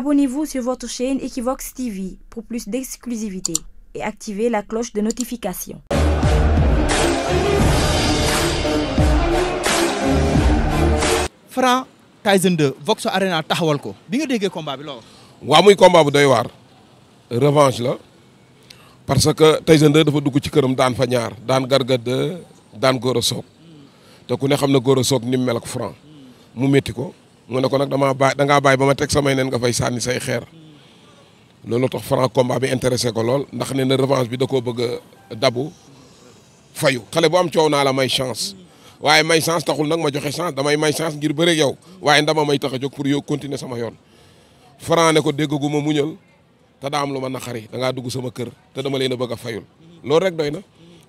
Abonnez-vous sur votre chaîne Equivox TV pour plus la cloche de notification. Franc Tyson 2 Vox Arena taxawal ko bi nga déggee combat bi lool. la parce que Tyson 2 dafa dugg ci këram daan fa ñaar daan Garga daan Gora te ku ne xam na Gora Sock ni mu mel mu metti ko. mu ne ko nag damaa bàyyi dangaa bàyyi ba ma teg samay nen nga fay sànni say xeer loolu tax Franc combat bi intéressé ko lool ndax ne na revanche bi da koo bëgg a dabu xale boo am coow naa la may chance waaye may chance taxul nag ma joxe chance damay may chance ngir bëre yow waaye ndama may tax a jóg pour yow continuer sama yoon Franc ne ko déggagu ma muñal te daa am lu ma naqari da ngaa dugg sama kër te dama leen a bëgg fayul loolu rek doy na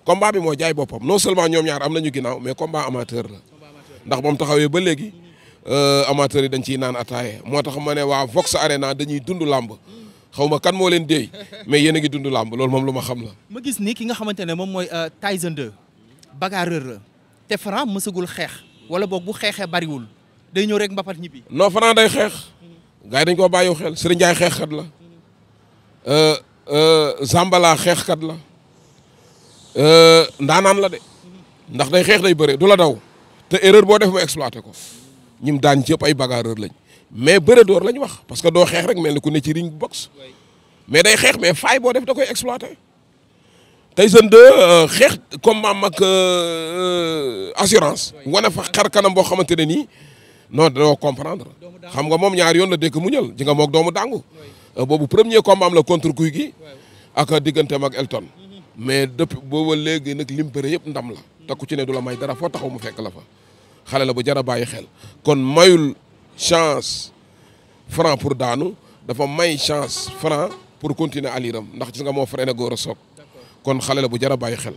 combat bi moo jaay boppam non seulement ñoom ñaar am nañu ginnaaw mais combat amateur la ndax ba mu ba léegi Euh, amateurs yi dañ ci naan ataaye moo tax ma ne waa Vox naa dañuy dund làmb xaw ma kan moo leen déey mais yéen a ngi dund làmb loolu moom lu ma xam la. ma gis ni ki nga xamante ne moom mooy euh, Tyson 2 bagarreur la te Franc mësagul xeex wala boog bu xeexee bariwul day ñëw rek mbapat ñibbi. non Franc day xeex gars dañ koo bàyyiw xel Serigne Ndiaye xeexkat la xeex euh, xeexkat la ndaanaan la de ndax day xeex day bëre du la daw te erreur boo def mu ko. ñim daan jëpp ay bagarreur lañ mais bëre door lañ wax parce que doo xeex rek mel ni ku ne ci ring box mais day xeex mais faay boo def da koy exploité Tyson 2 euh, xeex combat mag euh, assurance wane fa xar kanam boo xamante ne nii non doo comprendre xam nga moom ñaar yoon la dëkk mu ñël ji nga moog doomu dàngu euh, boobu premier combat am la contre kuy gi ak digganteem ak Elton mais depuis boobu léegi nag lim bëre yëpp ndam la te ku ci ne du la may dara foo taxaw mu fekk la fa xale la bu jar a bàyyi xel kon mayul chance Franc pour daanu dafa may chance Franc pour continuer aliram ndax gis nga moo freiné góor a soog kon xale la bu jar bàyyi xel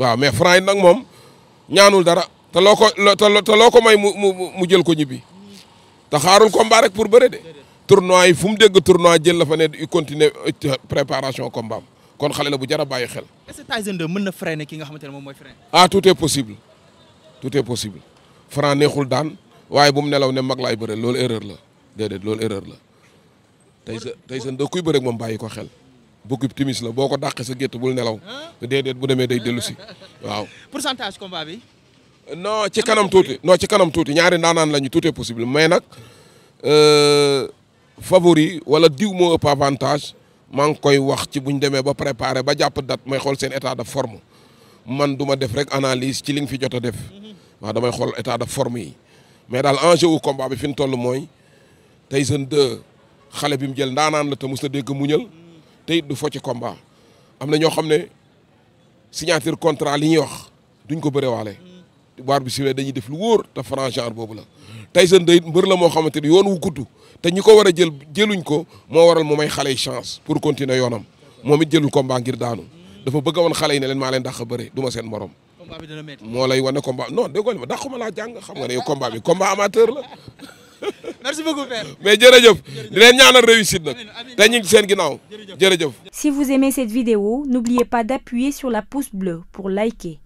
waaw mais Franc it nag moom ñaanul dara te loo ko te loo ko may mu mu jël ko ñibbi te xaarul combat rek pour bëre de tournoi yi fu mu dégg tournoi jël la fa ne continuer euh, préparation combat am kon xale la bu jar bàyyi xel. est-ce que mën na freiner ki nga xamante ne moom mooy freiner. ah tout est possible tout est possible. Franc neexul daan waaye bu mu nelaw ne mag laay bëre loolu erreur la déedéet loolu erreur la tey sa tey sa da kuy moom bàyyi ko xel bukub timis la boo ko dàqee sa gétt bul nelaw déedéet bu demee day dellu si waaw. pourcentage combat bi. non ci kanam tuuti non ci kanam tuuti ñaari ndaanaan la ñu tout est possible mais nag euh, favori wala diw moo ëpp avantage maa ngi koy wax ci bu ñu demee ba préparer ba jàpp date may xool seen état de forme man duma def rek analyse ci li fi jot a def. waaw damay xool état de forme yi mais daal enjeu wu combat bi fi mu toll mooy Tyson 2 xale bi mu jël ndaanaan la te mos na dégg muñal te it du fo ci combat am na ñoo xam ne signature contrat li ñu wax duñ ko bërewaale. waar bi siwee dañuy def lu wóor te franc boobu la Tyson 2 it mbër la moo xamante ni yoon wu gudd te ñi ko war a jël jëluñ ko moo waral mu may xale yi chance pour continuer yoonam moom it jëlul combat ngir daanu dafa bëgg woon xale yi ne leen maa leen dàq a du ma seen morom. moo lay wane combat non déggoo ma dàquma laa jàng xam nga ne yow combat bi combat amateur la. merci beaucoup père. mais jërëjëf di leen ñaanal réussite nag te ñu ngi seen ginnaaw jërëjëf. si vous aimez cette vidéo n'oubliez pas d'appuyer sur la pouce bleue pour liker.